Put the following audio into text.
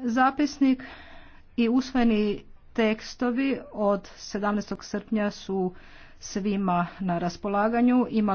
Zapisnik i usvojeni tekstovi od 17. srpnja su svima na raspolaganju. Imali